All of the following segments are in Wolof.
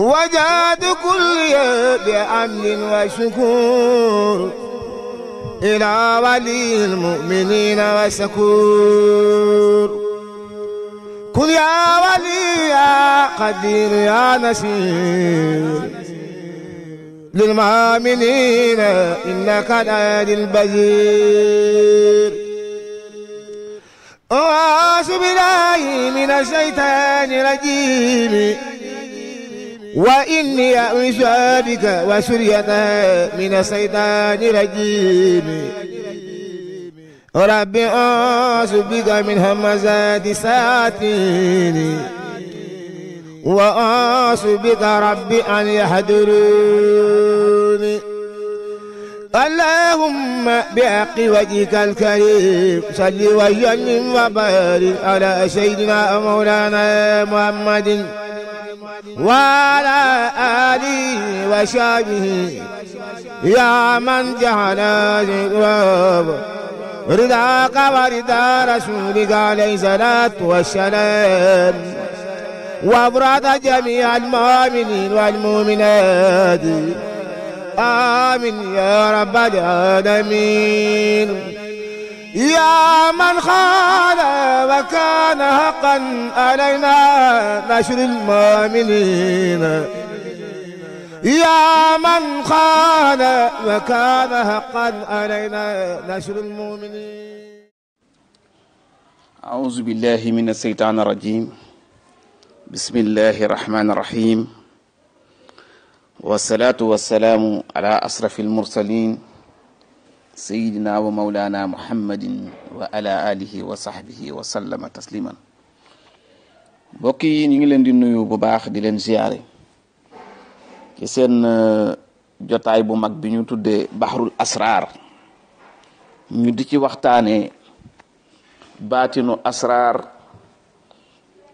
وجاد كل بأمن وشكور إلى ولي المؤمنين وشكور كن يا ولي يا قدير يا نسير للمؤمنين إنك لدي البزير أعوذ بالله من الشيطان الرجيم وإني أعوذ بك وسريتها من الشيطان الرجيم رب أعوذ بك من همزات الشياطين وأعوذ بك رب أن يحضرون اللهم بحق وجهك الكريم صل وسلم وبارك على سيدنا مولانا محمد وعلى آله وشعبه يا من جعل الغراب رضاك ورضا رسولك عليه الصلاة والسلام وأفراد جميع المؤمنين والمؤمنات آمين يا رب العالمين يا من خان وكان حقا علينا نشر المؤمنين يا من خان وكان حقا علينا نشر المؤمنين أعوذ بالله من الشيطان الرجيم بسم الله الرحمن الرحيم والصلاة والسلام على أشرف المرسلين سيدنا ومولانا محمد وعلى اله وصحبه وسلم تسليما بوكي نيغي لين دي نويو بو باخ دي لين زياري كي سين آه، جوتاي بو ماك بي نيو تودي بحر الاسرار نيو ديتي وقتاني باتين اسرار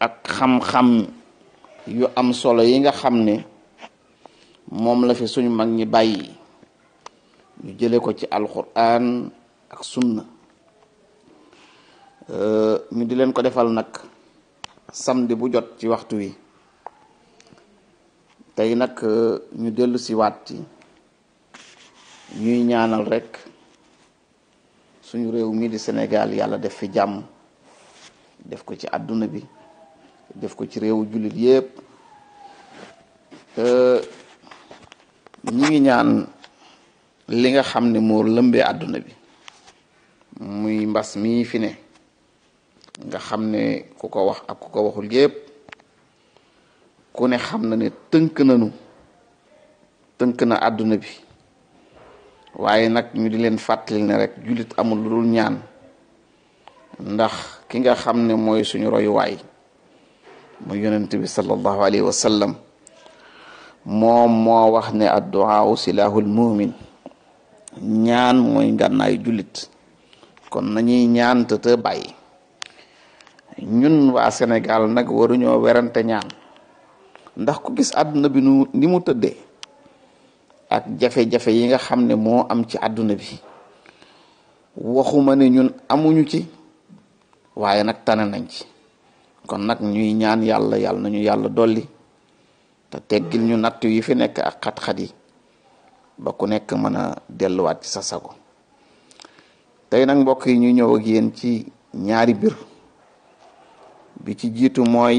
اك خم خم يو ام سولو ييغا خامني موم لا في سوني ماك ني بايي ñu jële ko ci alquran ak sunna euh, ñu di leen ko defal nag samedi bu jot ci waxtu wi tey nag euh, ñu dellu si waat ñuy ñaanal rekk suñu réew mii di Sénégal yàlla def fi jàmm def ko ci àdduna bi def ko ci réewu jullit yépp euh, ñi ngi ñaan li nga xam ne moo lëmbee àdduna bi muy mbas mii fi ne nga xam ne ku ko wax ak ku ko waxul yépp ku ne xam na ne tënk nanu tënk na àdduna bi waaye nag ñu di leen fàttali ne rek jullit amul lu dul ñaan ndax ki nga xam ne mooy suñu royuwaay mu yonent bi sallallahu alayhi wa moom moo wax ne adduwaawu silaahul mumin ñaan mooy ngànnaayu jullit kon nañuy ñaan te bàyyi ñun waa Sénégal nag waruñoo werante ñaan ndax ku gis àdduna bi nu ni mu tëddee ak jafe-jafe yi nga xam ne moo am ci àdduna bi waxuma ne ñun amuñu ci waaye nag tane nañ ci kon nag ñuy ñaan yàlla yàlla nañu yàlla dolli te teggil ñu natt yi fi nekk ak xat-xat yi ba ku nekk mën a delluwaat ci sa sago tey nag mbokk yi ñu ñëw ak yéen ci ñaari mbir bi ci jiitu mooy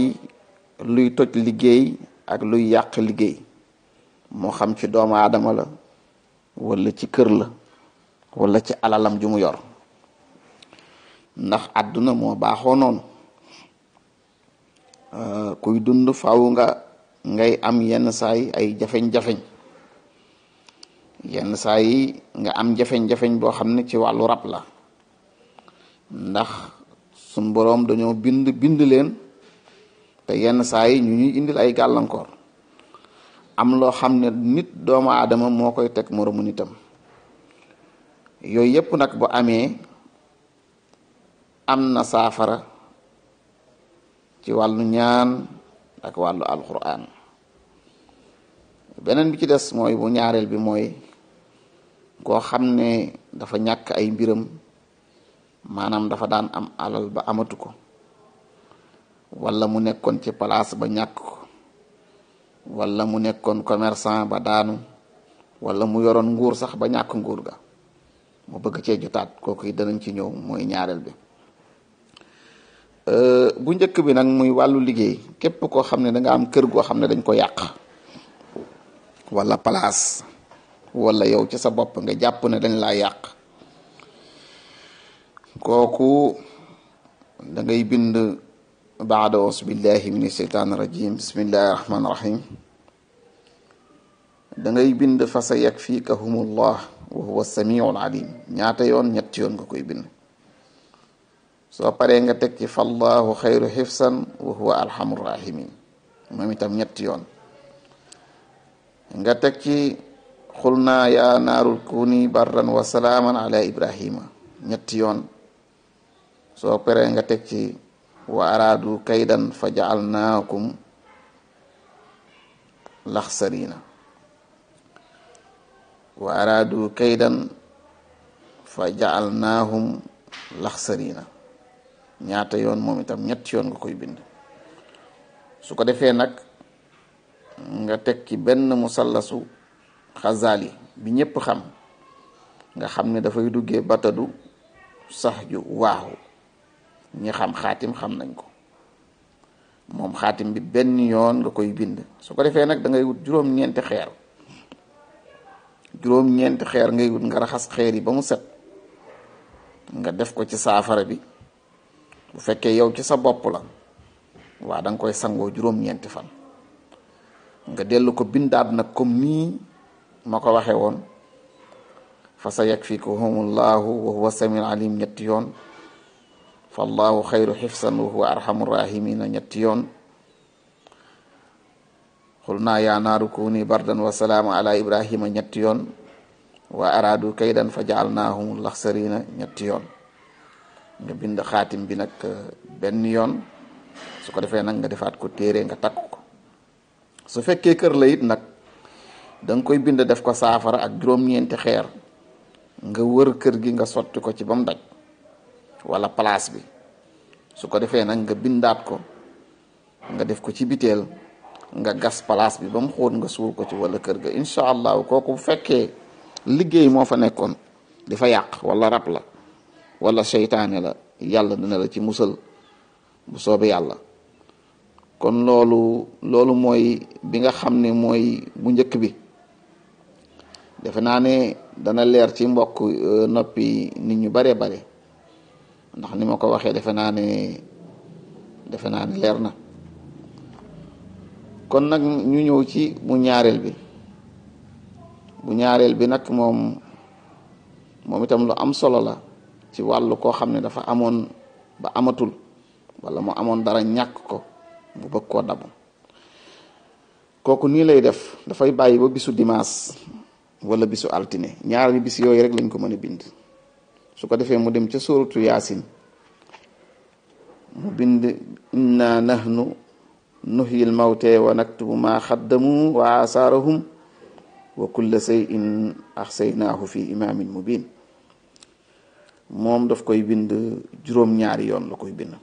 luy toj liggéey ak luy yàq liggéey moo xam ci doomu aadama la wala ci kër la wala ci alalam ju mu yor ndax àdduna moo baaxoo noonu kuy dund faaw nga ngay am yenn saay ay jafeñ-jafeñ yenn saa yi nga am jafeñ-jafeñ boo xam ne ci wàllu rab la ndax sun borom dañoo bind bind leen te yenn saa yi ñu ñuy indil ay gàllankoor am loo xam nit doomu aadama moo koy teg moromu nitam yooyu yépp nag bu amee am na saafara ci wàllu ñaan ak wàllu alquran beneen bi ci des mooy bu ñaareel bi mooy koo xam ne dafa ñàkk ay mbiram maanaam dafa daan am alal ba amatu ko wala mu nekkoon ci palaas ba ñàkk ko wala mu nekkoon commerçant ba daanu wala mu yoroon nguur sax ba ñàkk nguur ga mu bëgg cee jotaat kooku danañ ci ñëw mooy ñaareel bi euh, bu njëkk bi nag muy wàllu liggéey képp koo xam ne da am kër goo xam ne dañ ko yàq wala place wala yow ci sa bop nga jàpp ne dañ la yàq koku da ngay bind ba'da us billahi minash sheytaan rajim bismillahir rahmanir rahim da ngay bind fa sa yak fi kahumullah wa huwa samiul alim ñaata yon ñet yon nga koy bind so pare nga tek ci fallahu khayru hifsan wa huwa arhamur rahimin moom itam ñetti yoon nga tek ci xulnaa yaa naarul kuni barran wa salaaman ala ibrahima ñetti yoon soo paree nga teg ci wa araadu kaydan fa jaalnaakum laxsarina wa araadu kaydan fa jaalnaahum laxsarina ñaata yoon moom itam ñetti yoon nga koy bind su ko defee nag nga teg ci benn musallasu Xazaali bi ñépp xam nga xam ne dafay duggee batadu sax ju waaxu ñi xam xaatim xam nañ ko moom xaatim bi benn yoon nga koy bind su ko defee nag dangay wut juróom-ñeenti xeer juróom xeer ngay wut nga raxas xeer yi ba mu set nga def ko ci saafara bi bu fekkee yow ci sa bopp la waa da koy sangoo juróom-ñeenti fan nga dellu ko bindaat nag comme nii mako waxe won fa sayakfikuhumullahu wa huwa samil alim ñetti yon fa allahu khairu xifsan wa huwa arhamur rahimina ñetti yon qulna ya naaru bardan wa salaamu ala Ibrahim ñetti yon wa aradu kaydan faj'alnahum lakhsarin laxsarina ñetti yoon nga bind khatim bi nak ben yon su ko defé nak nga defat ko téré nga su keur la it danga koy bind def ko saafara ak juróom-ñeenti xeer nga wër kër gi nga sotti ko ci bam mu daj wala palaas bi su ko defee nag nga bindaat ko nga def ko ci biteel nga gas place bi ba mu xóot nga suul ko ci wala kër ga incha allahu kooku bu fekkee liggéey moo fa nekkoon di fa yàq walla rab la wala seytaane la yàlla dina la ci musal bu soobee yàlla kon loolu loolu mooy bi nga xam ne mooy bu njëkk bi defe naa ne dana leer ci mbokk euh, noppi nit ñu bare bare ndax ni ma ko waxee defe naa ne defe naa ne leer na kon nag ñu ñëw ci mu ñaareel bi bu ñaareel bi nag moom moom itam lu am solo la ci wàllu koo xam ne dafa amoon ba amatul wala mu amoon dara ñàkk ko mu bëgg koo dabu kooku nii lay def dafay bàyyi ba bisu dimaas wala bisu altine ñaar bis yooyu rek lañ ko mën a bind su ko defee mu dem ca sóoratu yaasin mu bind inna nahnu nuhyil mawte wa naktubu ma xaddamu wa asaarahum wa kulla shay'in ahsaynaahu fi imaamin mubin moom daf koy bind juróom-ñaari yoon la koy bind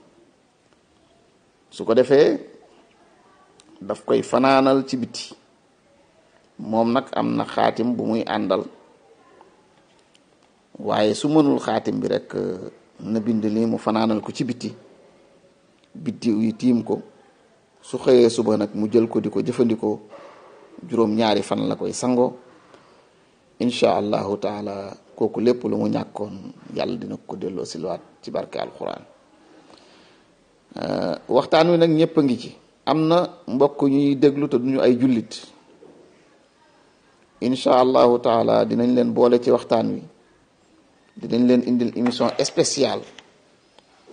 su ko defee daf koy fanaanal ci biti moom nag am na xaatim bu muy àndal waaye su mënul xaatim bi rek euh, na bind lii mu fanaanal ko ci bitti bitti yi tiim ko su xëyee suba nag mu jël ko di ko jëfandikoo juróom-ñaari fan la koy sangoo incha allahu taala kooku lépp lu mu ñàkkoon yàlla dina ko delloo siluwaat ci barke alquran euh, waxtaan wi nag ñëpp a ngi ci am na mbokk ñuy déglu te duñu ay jullit incha allahu taala dinañ leen boole ci waxtaan wi dinañ leen indil émission spéciale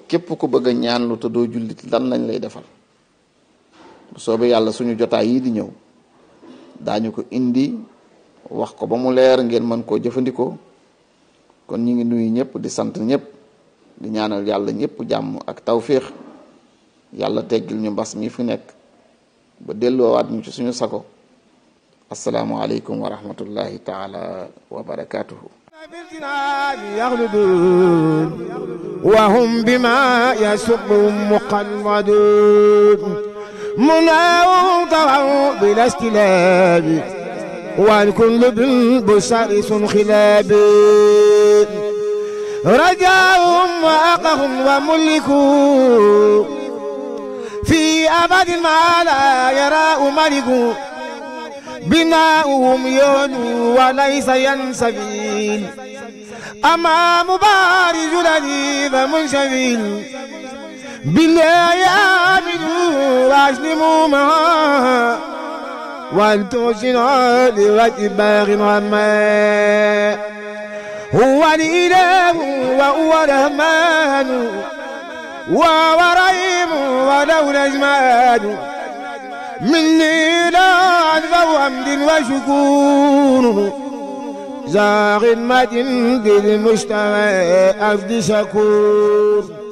képp ku bëgg a ñaan lu te doo jullit lan lañ lay defal bu yàlla suñu jotaay yii di ñëw daañu ko indi wax ko ba mu leer ngeen mën koo jëfandikoo kon ñu ngi nuyu ñëpp di sant ñëpp di ñaanal yàlla ñëpp jàmm ak tawféex yàlla teggil ñu mbas mi fi nekk ba delloowaat ñu ci suñu sago السلام عليكم ورحمة الله تعالى وبركاته يغلدون وهم بما يسبهم مقلدون مناوهم طرعوا بلا استلاب والكل بسارس خلاب رجاهم وأقهم وملكوا في أبد ما لا يراء ملكوا بناؤهم يون وليس ينسبيل أمام بارز لذيذ منشبيل بالله آمنوا وأسلموا معه والتوسنا لوجباغ وما هو الإله وهو الرحمن وهو رحيم وله إجمال مني لا ذو حمد وشكور ذا خدمة للمشتري أفدي شكور